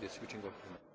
they're